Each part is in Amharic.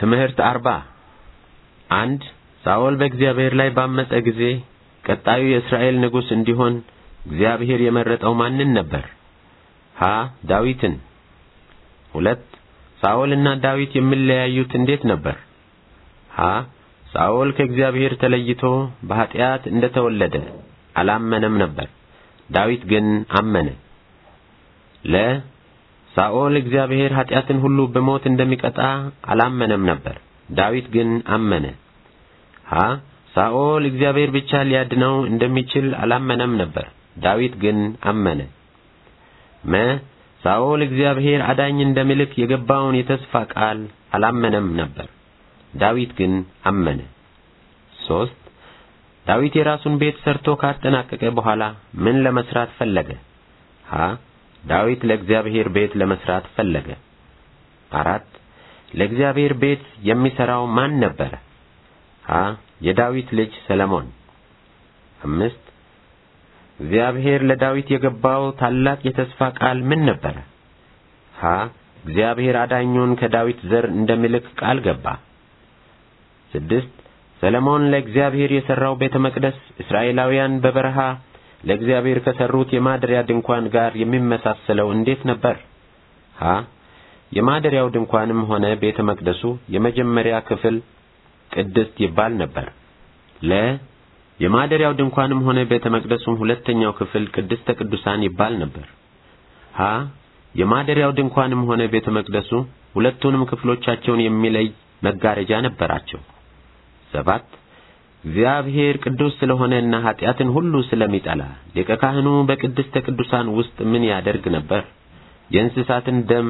ትምህርት አርባ አንድ ሳኦል በእግዚአብሔር ላይ ባመፀ ጊዜ ቀጣዩ የእስራኤል ንጉሥ እንዲሆን እግዚአብሔር የመረጠው ማንን ነበር? ሀ ዳዊትን። ሁለት ሳኦልና ዳዊት የሚለያዩት እንዴት ነበር? ሀ ሳኦል ከእግዚአብሔር ተለይቶ በኃጢአት እንደ ተወለደ አላመነም ነበር። ዳዊት ግን አመነ። ለ ሳኦል እግዚአብሔር ኃጢአትን ሁሉ በሞት እንደሚቀጣ አላመነም ነበር። ዳዊት ግን አመነ። ሀ ሳኦል እግዚአብሔር ብቻ ሊያድነው እንደሚችል አላመነም ነበር። ዳዊት ግን አመነ። መ ሳኦል እግዚአብሔር አዳኝ እንደሚልክ የገባውን የተስፋ ቃል አላመነም ነበር። ዳዊት ግን አመነ። ሶስት ዳዊት የራሱን ቤት ሰርቶ ካጠናቀቀ በኋላ ምን ለመስራት ፈለገ? ሀ ዳዊት ለእግዚአብሔር ቤት ለመስራት ፈለገ። አራት ለእግዚአብሔር ቤት የሚሰራው ማን ነበረ? ሀ የዳዊት ልጅ ሰለሞን። አምስት እግዚአብሔር ለዳዊት የገባው ታላቅ የተስፋ ቃል ምን ነበረ? ሀ እግዚአብሔር አዳኙን ከዳዊት ዘር እንደሚልክ ቃል ገባ። ስድስት ሰለሞን ለእግዚአብሔር የሠራው ቤተ መቅደስ እስራኤላውያን በበረሃ ለእግዚአብሔር ከሠሩት የማደሪያ ድንኳን ጋር የሚመሳሰለው እንዴት ነበር? ሀ የማደሪያው ድንኳንም ሆነ ቤተ መቅደሱ የመጀመሪያ ክፍል ቅድስት ይባል ነበር። ለ የማደሪያው ድንኳንም ሆነ ቤተ መቅደሱም ሁለተኛው ክፍል ቅድስተ ቅዱሳን ይባል ነበር። ሀ የማደሪያው ድንኳንም ሆነ ቤተ መቅደሱ ሁለቱንም ክፍሎቻቸውን የሚለይ መጋረጃ ነበራቸው። ሰባት እግዚአብሔር ቅዱስ ስለሆነና ኃጢአትን ሁሉ ስለሚጠላ ሊቀ ካህኑ በቅድስተ ቅዱሳን ውስጥ ምን ያደርግ ነበር? የእንስሳትን ደም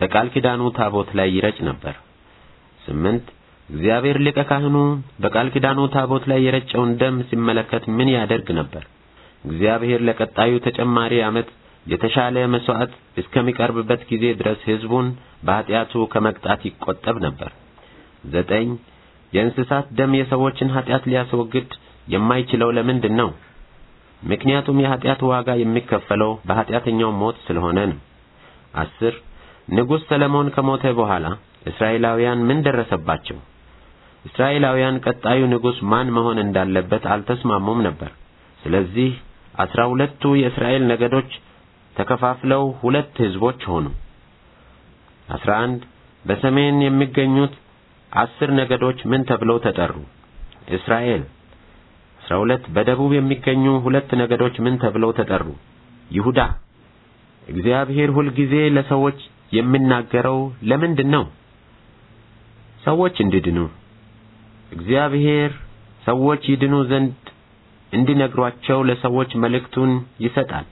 በቃል ኪዳኑ ታቦት ላይ ይረጭ ነበር። ስምንት እግዚአብሔር ሊቀ ካህኑ በቃል ኪዳኑ ታቦት ላይ የረጨውን ደም ሲመለከት ምን ያደርግ ነበር? እግዚአብሔር ለቀጣዩ ተጨማሪ ዓመት የተሻለ መሥዋዕት እስከሚቀርብበት ጊዜ ድረስ ሕዝቡን በኃጢአቱ ከመቅጣት ይቆጠብ ነበር። ዘጠኝ የእንስሳት ደም የሰዎችን ኃጢአት ሊያስወግድ የማይችለው ለምንድን ነው? ምክንያቱም የኃጢአት ዋጋ የሚከፈለው በኃጢአተኛው ሞት ስለሆነ ነው። አስር ንጉሥ ሰለሞን ከሞተ በኋላ እስራኤላውያን ምን ደረሰባቸው? እስራኤላውያን ቀጣዩ ንጉሥ ማን መሆን እንዳለበት አልተስማሙም ነበር። ስለዚህ አስራ ሁለቱ የእስራኤል ነገዶች ተከፋፍለው ሁለት ሕዝቦች ሆኑ። አስራ አንድ በሰሜን የሚገኙት አስር ነገዶች ምን ተብለው ተጠሩ? እስራኤል። አስራ ሁለት በደቡብ የሚገኙ ሁለት ነገዶች ምን ተብለው ተጠሩ? ይሁዳ። እግዚአብሔር ሁልጊዜ ለሰዎች የሚናገረው ለምንድን ነው? ሰዎች እንዲድኑ። እግዚአብሔር ሰዎች ይድኑ ዘንድ እንዲነግሯቸው ለሰዎች መልእክቱን ይሰጣል።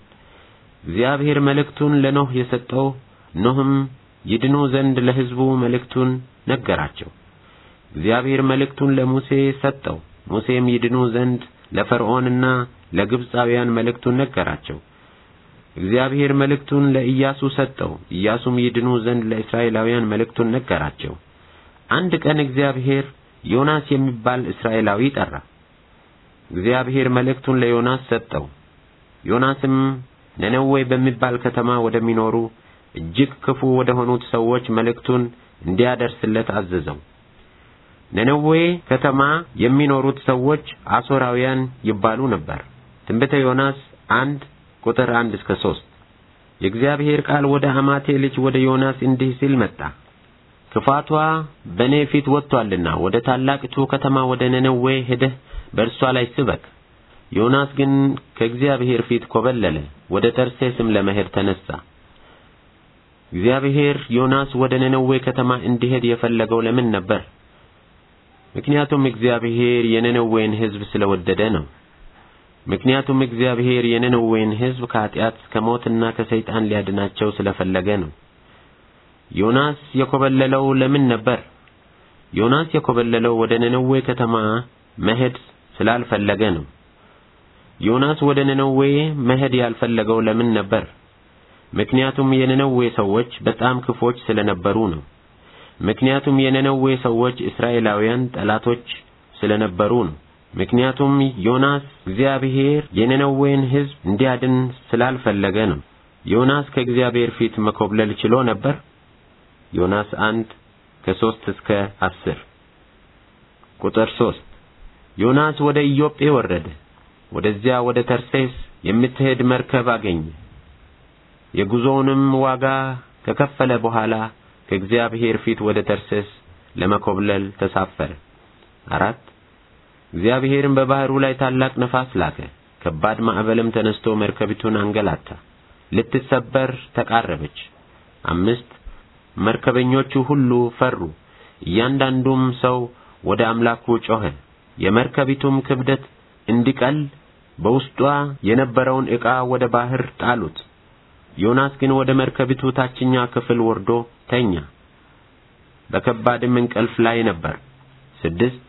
እግዚአብሔር መልእክቱን ለኖህ የሰጠው ኖህም ይድኑ ዘንድ ለሕዝቡ መልእክቱን ነገራቸው። እግዚአብሔር መልእክቱን ለሙሴ ሰጠው። ሙሴም ይድኑ ዘንድ ለፈርዖንና ለግብፃውያን መልእክቱን ነገራቸው። እግዚአብሔር መልእክቱን ለኢያሱ ሰጠው። ኢያሱም ይድኑ ዘንድ ለእስራኤላውያን መልእክቱን ነገራቸው። አንድ ቀን እግዚአብሔር ዮናስ የሚባል እስራኤላዊ ጠራ። እግዚአብሔር መልእክቱን ለዮናስ ሰጠው። ዮናስም ነነዌ በሚባል ከተማ ወደሚኖሩ እጅግ ክፉ ወደ ሆኑት ሰዎች መልእክቱን እንዲያደርስለት አዘዘው። ነነዌ ከተማ የሚኖሩት ሰዎች አሶራውያን ይባሉ ነበር። ትንቢተ ዮናስ አንድ ቁጥር አንድ እስከ ሦስት የእግዚአብሔር ቃል ወደ አማቴ ልጅ ወደ ዮናስ እንዲህ ሲል መጣ። ክፋቷ በእኔ ፊት ወጥቶአልና ወደ ታላቂቱ ከተማ ወደ ነነዌ ሄደህ በእርሷ ላይ ስበክ። ዮናስ ግን ከእግዚአብሔር ፊት ኮበለለ፣ ወደ ተርሴስም ለመሄድ ተነሣ። እግዚአብሔር ዮናስ ወደ ነነዌ ከተማ እንዲሄድ የፈለገው ለምን ነበር? ምክንያቱም እግዚአብሔር የነነዌን ሕዝብ ስለወደደ ነው። ምክንያቱም እግዚአብሔር የነነዌን ሕዝብ ከኃጢአት ከሞትና ከሰይጣን ሊያድናቸው ስለፈለገ ነው። ዮናስ የኮበለለው ለምን ነበር? ዮናስ የኮበለለው ወደ ነነዌ ከተማ መሄድ ስላልፈለገ ነው። ዮናስ ወደ ነነዌ መሄድ ያልፈለገው ለምን ነበር? ምክንያቱም የነነዌ ሰዎች በጣም ክፎች ስለነበሩ ነው። ምክንያቱም የነነዌ ሰዎች እስራኤላውያን ጠላቶች ስለነበሩ ነው። ምክንያቱም ዮናስ እግዚአብሔር የነነዌን ሕዝብ እንዲያድን ስላልፈለገ ነው። ዮናስ ከእግዚአብሔር ፊት መኮብለል ችሎ ነበር። ዮናስ አንድ ከሦስት እስከ አስር ቁጥር ሦስት ዮናስ ወደ ኢዮጴ ወረደ። ወደዚያ ወደ ተርሴስ የምትሄድ መርከብ አገኘ። የጉዞውንም ዋጋ ከከፈለ በኋላ ከእግዚአብሔር ፊት ወደ ተርሴስ ለመኮብለል ተሳፈረ። አራት እግዚአብሔርም በባህሩ ላይ ታላቅ ነፋስ ላከ። ከባድ ማዕበልም ተነስቶ መርከቢቱን አንገላታ፣ ልትሰበር ተቃረበች። አምስት መርከበኞቹ ሁሉ ፈሩ፣ እያንዳንዱም ሰው ወደ አምላኩ ጮኸ። የመርከቢቱም ክብደት እንዲቀል በውስጧ የነበረውን ዕቃ ወደ ባህር ጣሉት። ዮናስ ግን ወደ መርከቢቱ ታችኛ ክፍል ወርዶ ተኛ። በከባድም እንቅልፍ ላይ ነበር። ስድስት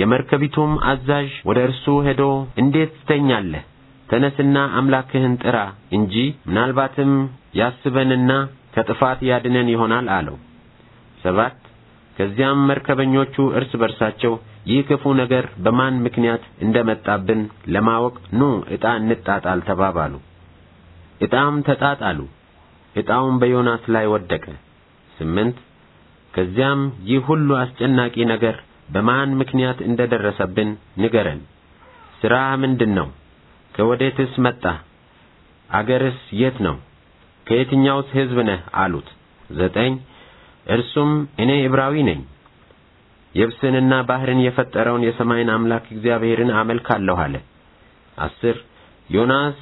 የመርከቢቱም አዛዥ ወደ እርሱ ሄዶ እንዴት ትተኛለህ? ተነስና አምላክህን ጥራ እንጂ ምናልባትም ያስበንና ከጥፋት ያድነን ይሆናል አለው። ሰባት ከዚያም መርከበኞቹ እርስ በርሳቸው ይህ ክፉ ነገር በማን ምክንያት እንደመጣብን ለማወቅ ኑ ዕጣ እንጣጣል ተባባሉ። ዕጣም ተጣጣሉ። ዕጣውም በዮናስ ላይ ወደቀ። ስምንት ከዚያም ይህ ሁሉ አስጨናቂ ነገር በማን ምክንያት እንደ ደረሰብን ንገረን። ሥራ ምንድን ነው? ከወዴትስ መጣ? አገርስ የት ነው? ከየትኛውስ ሕዝብ ነህ? አሉት። ዘጠኝ እርሱም እኔ ዕብራዊ ነኝ፣ የብስንና ባሕርን የፈጠረውን የሰማይን አምላክ እግዚአብሔርን አመልካለሁ አለ። አስር ዮናስ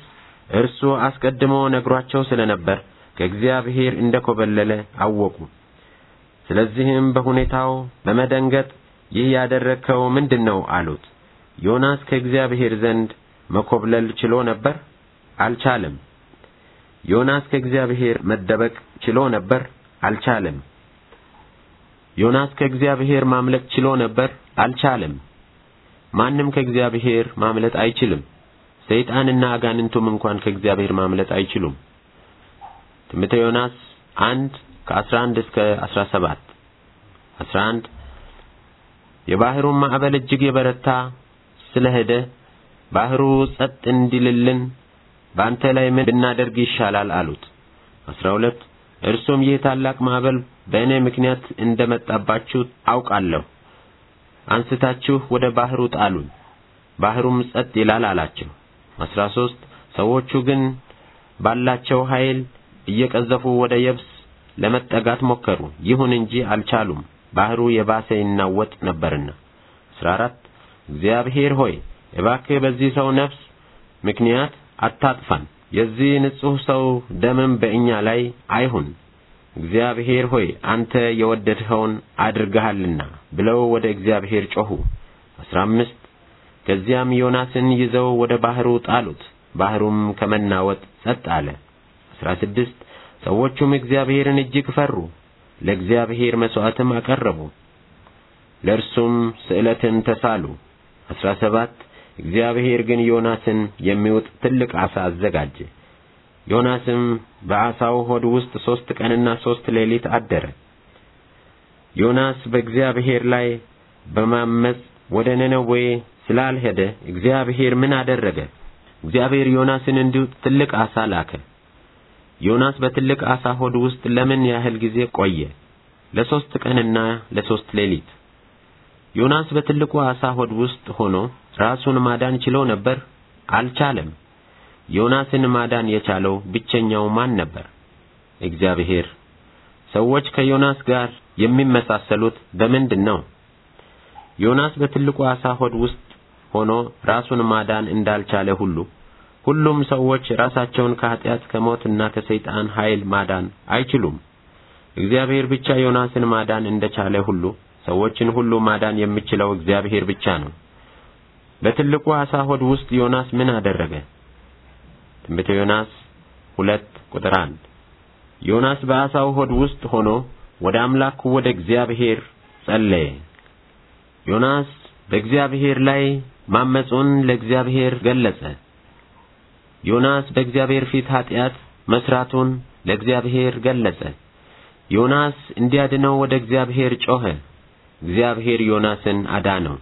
እርሱ አስቀድሞ ነግሯቸው ስለ ነበር ከእግዚአብሔር እንደ ኮበለለ አወቁ። ስለዚህም በሁኔታው በመደንገጥ ይህ ያደረግከው ምንድን ነው አሉት። ዮናስ ከእግዚአብሔር ዘንድ መኮብለል ችሎ ነበር? አልቻለም። ዮናስ ከእግዚአብሔር መደበቅ ችሎ ነበር? አልቻለም። ዮናስ ከእግዚአብሔር ማምለጥ ችሎ ነበር? አልቻለም። ማንም ከእግዚአብሔር ማምለጥ አይችልም። ሰይጣንና አጋንንቱም እንኳን ከእግዚአብሔር ማምለጥ አይችሉም። ትንቢተ ዮናስ 1 ከ11 እስከ 17 11 የባህሩን ማዕበል እጅግ የበረታ ስለ ሄደ ባህሩ ጸጥ እንዲልልን በአንተ ላይ ምን ብናደርግ ይሻላል አሉት። 12 እርሱም ይህ ታላቅ ማዕበል በእኔ ምክንያት እንደ መጣባችሁ አውቃለሁ። አንስታችሁ ወደ ባህሩ ጣሉኝ፣ ባህሩም ጸጥ ይላል አላቸው። 13 ሰዎቹ ግን ባላቸው ኃይል እየቀዘፉ ወደ የብስ ለመጠጋት ሞከሩ። ይሁን እንጂ አልቻሉም፣ ባህሩ የባሰ ይናወጥ ነበርና። 14 እግዚአብሔር ሆይ እባክህ በዚህ ሰው ነፍስ ምክንያት አታጥፋን፣ የዚህ ንጹሕ ሰው ደምም በእኛ ላይ አይሁን። እግዚአብሔር ሆይ አንተ የወደድኸውን አድርገሃልና ብለው ወደ እግዚአብሔር ጮኹ። 15 አምስት ከዚያም ዮናስን ይዘው ወደ ባህሩ ጣሉት፣ ባህሩም ከመናወጥ ጸጥ አለ። አሥራ ስድስት ሰዎቹም እግዚአብሔርን እጅግ ፈሩ፣ ለእግዚአብሔር መሥዋዕትም አቀረቡ፣ ለእርሱም ስዕለትን ተሳሉ። አሥራ ሰባት እግዚአብሔር ግን ዮናስን የሚውጥ ትልቅ ዓሣ አዘጋጀ። ዮናስም በዓሣው ሆድ ውስጥ ሦስት ቀንና ሦስት ሌሊት አደረ። ዮናስ በእግዚአብሔር ላይ በማመፅ ወደ ነነዌ ስላልሄደ እግዚአብሔር ምን አደረገ? እግዚአብሔር ዮናስን እንዲሁ ትልቅ ዓሣ ላከ። ዮናስ በትልቅ አሳ ሆድ ውስጥ ለምን ያህል ጊዜ ቆየ? ለሶስት ቀንና ለሶስት ሌሊት። ዮናስ በትልቁ አሳ ሆድ ውስጥ ሆኖ ራሱን ማዳን ችሎ ነበር? አልቻለም። ዮናስን ማዳን የቻለው ብቸኛው ማን ነበር? እግዚአብሔር። ሰዎች ከዮናስ ጋር የሚመሳሰሉት በምንድን ነው? ዮናስ በትልቁ አሳ ሆድ ውስጥ ሆኖ ራሱን ማዳን እንዳልቻለ ሁሉ ሁሉም ሰዎች ራሳቸውን ከኃጢአት ከሞትና ከሰይጣን ኃይል ማዳን አይችሉም። እግዚአብሔር ብቻ ዮናስን ማዳን እንደቻለ ሁሉ ሰዎችን ሁሉ ማዳን የሚችለው እግዚአብሔር ብቻ ነው። በትልቁ አሳ ሆድ ውስጥ ዮናስ ምን አደረገ? ትንቢተ ዮናስ ሁለት ቁጥር አንድ ዮናስ በአሳው ሆድ ውስጥ ሆኖ ወደ አምላኩ ወደ እግዚአብሔር ጸለየ። ዮናስ በእግዚአብሔር ላይ ማመፁን ለእግዚአብሔር ገለጸ። ዮናስ በእግዚአብሔር ፊት ኃጢአት መስራቱን ለእግዚአብሔር ገለጸ። ዮናስ እንዲያድነው ወደ እግዚአብሔር ጮኸ። እግዚአብሔር ዮናስን አዳነው።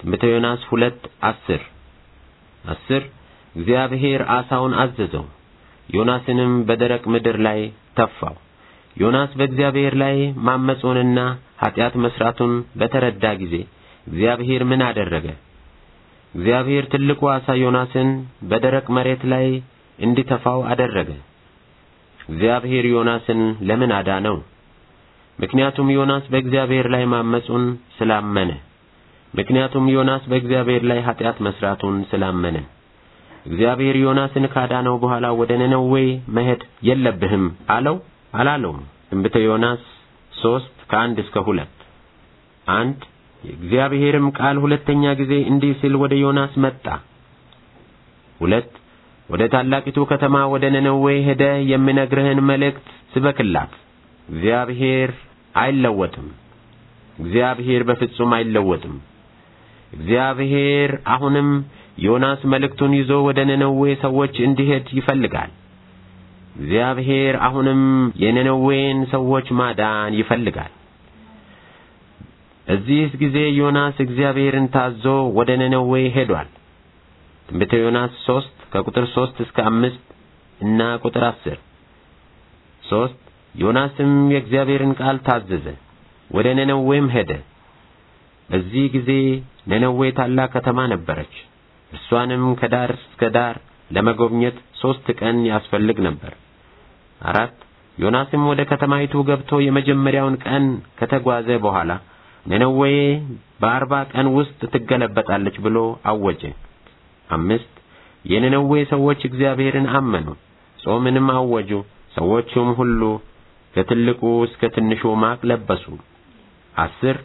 ትንቢተ ዮናስ ሁለት አስር አስር እግዚአብሔር አሳውን አዘዘው፣ ዮናስንም በደረቅ ምድር ላይ ተፋው። ዮናስ በእግዚአብሔር ላይ ማመፁንና ኀጢአት መስራቱን በተረዳ ጊዜ እግዚአብሔር ምን አደረገ? እግዚአብሔር ትልቁ ዓሣ ዮናስን በደረቅ መሬት ላይ እንዲተፋው አደረገ። እግዚአብሔር ዮናስን ለምን አዳነው? ምክንያቱም ዮናስ በእግዚአብሔር ላይ ማመፁን ስላመነ። ምክንያቱም ዮናስ በእግዚአብሔር ላይ ኃጢአት መስራቱን ስላመነ። እግዚአብሔር ዮናስን ካዳነው በኋላ ወደ ነነዌ መሄድ የለብህም አለው አላለውም? ትንቢተ ዮናስ ሦስት ከአንድ እስከ ሁለት አንድ የእግዚአብሔርም ቃል ሁለተኛ ጊዜ እንዲህ ሲል ወደ ዮናስ መጣ። ሁለት ወደ ታላቂቱ ከተማ ወደ ነነዌ ሄደ የምነግርህን መልእክት ስበክላት። እግዚአብሔር አይለወጥም። እግዚአብሔር በፍጹም አይለወጥም። እግዚአብሔር አሁንም ዮናስ መልእክቱን ይዞ ወደ ነነዌ ሰዎች እንዲሄድ ይፈልጋል። እግዚአብሔር አሁንም የነነዌን ሰዎች ማዳን ይፈልጋል። በዚህ ጊዜ ዮናስ እግዚአብሔርን ታዞ ወደ ነነዌ ሄዷል። ትንቢተ ዮናስ 3 ከቁጥር 3 እስከ 5 እና ቁጥር 10 3 ዮናስም የእግዚአብሔርን ቃል ታዘዘ፣ ወደ ነነዌም ሄደ። በዚህ ጊዜ ነነዌ ታላቅ ከተማ ነበረች። እርሷንም ከዳር እስከ ዳር ለመጎብኘት ሦስት ቀን ያስፈልግ ነበር። አራት ዮናስም ወደ ከተማይቱ ገብቶ የመጀመሪያውን ቀን ከተጓዘ በኋላ ነነዌ በአርባ ቀን ውስጥ ትገለበጣለች ብሎ አወጀ። አምስት የነነዌ ሰዎች እግዚአብሔርን አመኑ፣ ጾምንም አወጁ። ሰዎቹም ሁሉ ከትልቁ እስከ ትንሹ ማቅ ለበሱ። አስር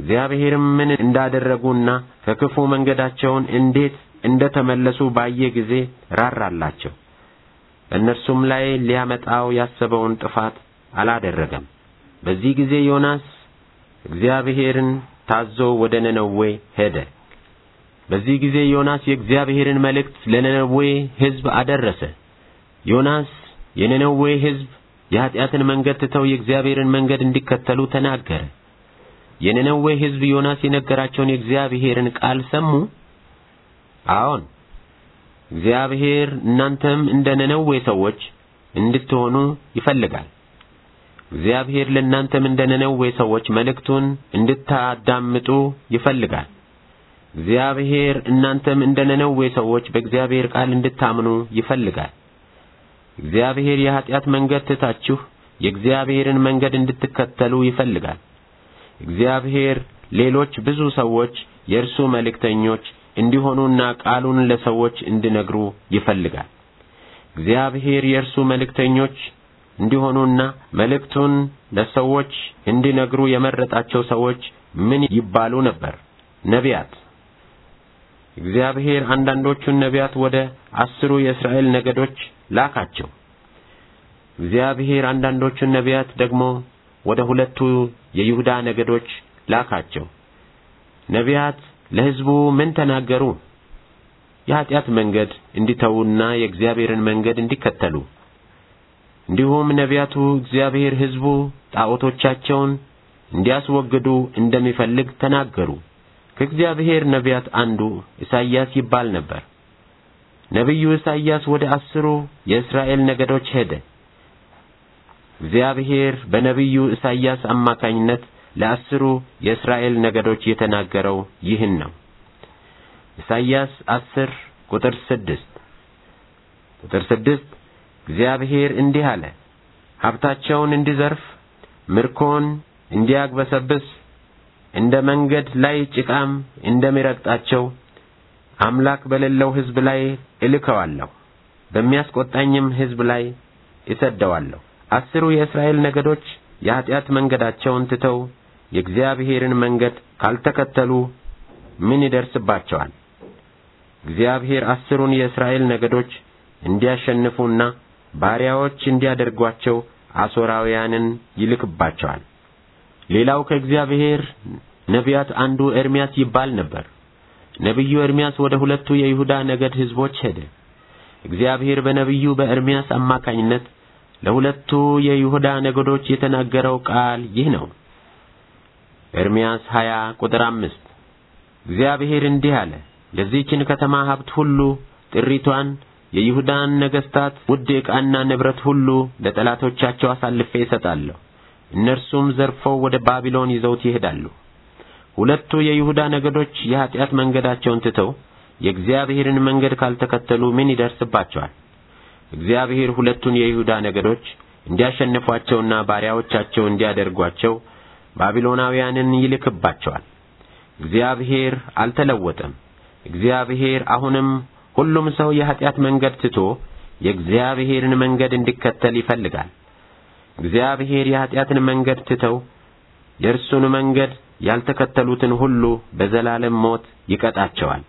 እግዚአብሔርም ምን እንዳደረጉና ከክፉ መንገዳቸውን እንዴት እንደተመለሱ ባየ ጊዜ ራራላቸው። በእነርሱም ላይ ሊያመጣው ያሰበውን ጥፋት አላደረገም። በዚህ ጊዜ ዮናስ እግዚአብሔርን ታዞ ወደ ነነዌ ሄደ። በዚህ ጊዜ ዮናስ የእግዚአብሔርን መልእክት ለነነዌ ሕዝብ አደረሰ። ዮናስ የነነዌ ሕዝብ የኀጢአትን መንገድ ትተው የእግዚአብሔርን መንገድ እንዲከተሉ ተናገረ። የነነዌ ሕዝብ ዮናስ የነገራቸውን የእግዚአብሔርን ቃል ሰሙ። አዎን እግዚአብሔር እናንተም እንደ ነነዌ ሰዎች እንድትሆኑ ይፈልጋል። እግዚአብሔር ለእናንተም እንደ ነነዌ ሰዎች መልእክቱን እንድታዳምጡ ይፈልጋል። እግዚአብሔር እናንተም እንደ ነነዌ ሰዎች በእግዚአብሔር ቃል እንድታምኑ ይፈልጋል። እግዚአብሔር የኀጢአት መንገድ ትታችሁ የእግዚአብሔርን መንገድ እንድትከተሉ ይፈልጋል። እግዚአብሔር ሌሎች ብዙ ሰዎች የእርሱ መልእክተኞች እንዲሆኑና ቃሉን ለሰዎች እንዲነግሩ ይፈልጋል። እግዚአብሔር የእርሱ መልእክተኞች እንዲሆኑና መልእክቱን ለሰዎች እንዲነግሩ የመረጣቸው ሰዎች ምን ይባሉ ነበር? ነቢያት። እግዚአብሔር አንዳንዶቹን ነቢያት ወደ አስሩ የእስራኤል ነገዶች ላካቸው። እግዚአብሔር አንዳንዶቹን ነቢያት ደግሞ ወደ ሁለቱ የይሁዳ ነገዶች ላካቸው። ነቢያት ለሕዝቡ ምን ተናገሩ? የኀጢአት መንገድ እንዲተዉና የእግዚአብሔርን መንገድ እንዲከተሉ እንዲሁም ነቢያቱ እግዚአብሔር ሕዝቡ ጣዖቶቻቸውን እንዲያስወግዱ እንደሚፈልግ ተናገሩ። ከእግዚአብሔር ነቢያት አንዱ ኢሳይያስ ይባል ነበር። ነቢዩ ኢሳይያስ ወደ አስሩ የእስራኤል ነገዶች ሄደ። እግዚአብሔር በነቢዩ ኢሳይያስ አማካኝነት ለአስሩ የእስራኤል ነገዶች የተናገረው ይህን ነው። ኢሳይያስ አስር ቁጥር ስድስት ቁጥር ስድስት እግዚአብሔር እንዲህ አለ፣ ሀብታቸውን እንዲዘርፍ ምርኮን እንዲያግበሰብስ እንደ መንገድ ላይ ጭቃም እንደሚረግጣቸው አምላክ በሌለው ሕዝብ ላይ እልከዋለሁ፣ በሚያስቆጣኝም ሕዝብ ላይ እሰደዋለሁ። አስሩ የእስራኤል ነገዶች የኀጢአት መንገዳቸውን ትተው የእግዚአብሔርን መንገድ ካልተከተሉ ምን ይደርስባቸዋል? እግዚአብሔር አስሩን የእስራኤል ነገዶች እንዲያሸንፉና ባሪያዎች እንዲያደርጓቸው አሦራውያንን ይልክባቸዋል። ሌላው ከእግዚአብሔር ነቢያት አንዱ ኤርሚያስ ይባል ነበር። ነቢዩ ኤርሚያስ ወደ ሁለቱ የይሁዳ ነገድ ሕዝቦች ሄደ። እግዚአብሔር በነቢዩ በኤርሚያስ አማካኝነት ለሁለቱ የይሁዳ ነገዶች የተናገረው ቃል ይህ ነው። ኤርሚያስ 20 ቁጥር 5 እግዚአብሔር እንዲህ አለ፣ ለዚህችን ከተማ ሀብት ሁሉ ጥሪቷን የይሁዳን ነገሥታት ውድ ዕቃና ንብረት ሁሉ ለጠላቶቻቸው አሳልፌ እሰጣለሁ። እነርሱም ዘርፈው ወደ ባቢሎን ይዘውት ይሄዳሉ። ሁለቱ የይሁዳ ነገዶች የኀጢአት መንገዳቸውን ትተው የእግዚአብሔርን መንገድ ካልተከተሉ ምን ይደርስባቸዋል? እግዚአብሔር ሁለቱን የይሁዳ ነገዶች እንዲያሸንፏቸውና ባሪያዎቻቸው እንዲያደርጓቸው ባቢሎናውያንን ይልክባቸዋል። እግዚአብሔር አልተለወጠም። እግዚአብሔር አሁንም ሁሉም ሰው የኃጢአት መንገድ ትቶ የእግዚአብሔርን መንገድ እንዲከተል ይፈልጋል። እግዚአብሔር የኃጢአትን መንገድ ትተው የእርሱን መንገድ ያልተከተሉትን ሁሉ በዘላለም ሞት ይቀጣቸዋል።